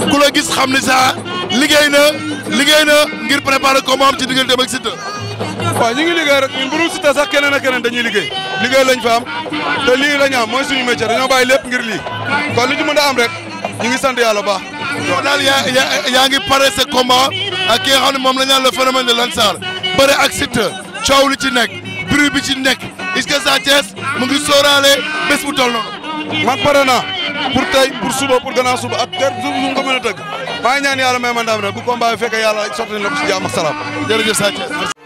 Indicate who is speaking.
Speaker 1: ku la gis xam ni saa liggéey na liggéey na ngir préparer combat am ci diggante ak Siteu. waaw ñu ngi liggéey rek ñun bu dul Siteu keneen ak keneen dañuy liggéey liggéey lañ fa am te lii lañ am mooy suñu métier dañoo bàyyi lépp ngir lii kon lu ci mën a am rek ñu ngi sant yàlla baax. yow daal yaa yaa ngi pare sa combat ak ki nga xam moom la ñu naan le phénomène de l'Ansar bëre ak Siteu coow li ci nekk bruit bi ci nekk est-ce que Sa Thiès mu ngi sóoraale bés bu toll noonu. man pare naa pour tey pour suba pour gannaaw suba ak kër suuf su ko mën a tëgg maa ngi ñaan yàlla may ma ndam rek bu combat bi fekkee yàlla sotti na lépp si jàmm ak salaam jërëjëf Sa Thiès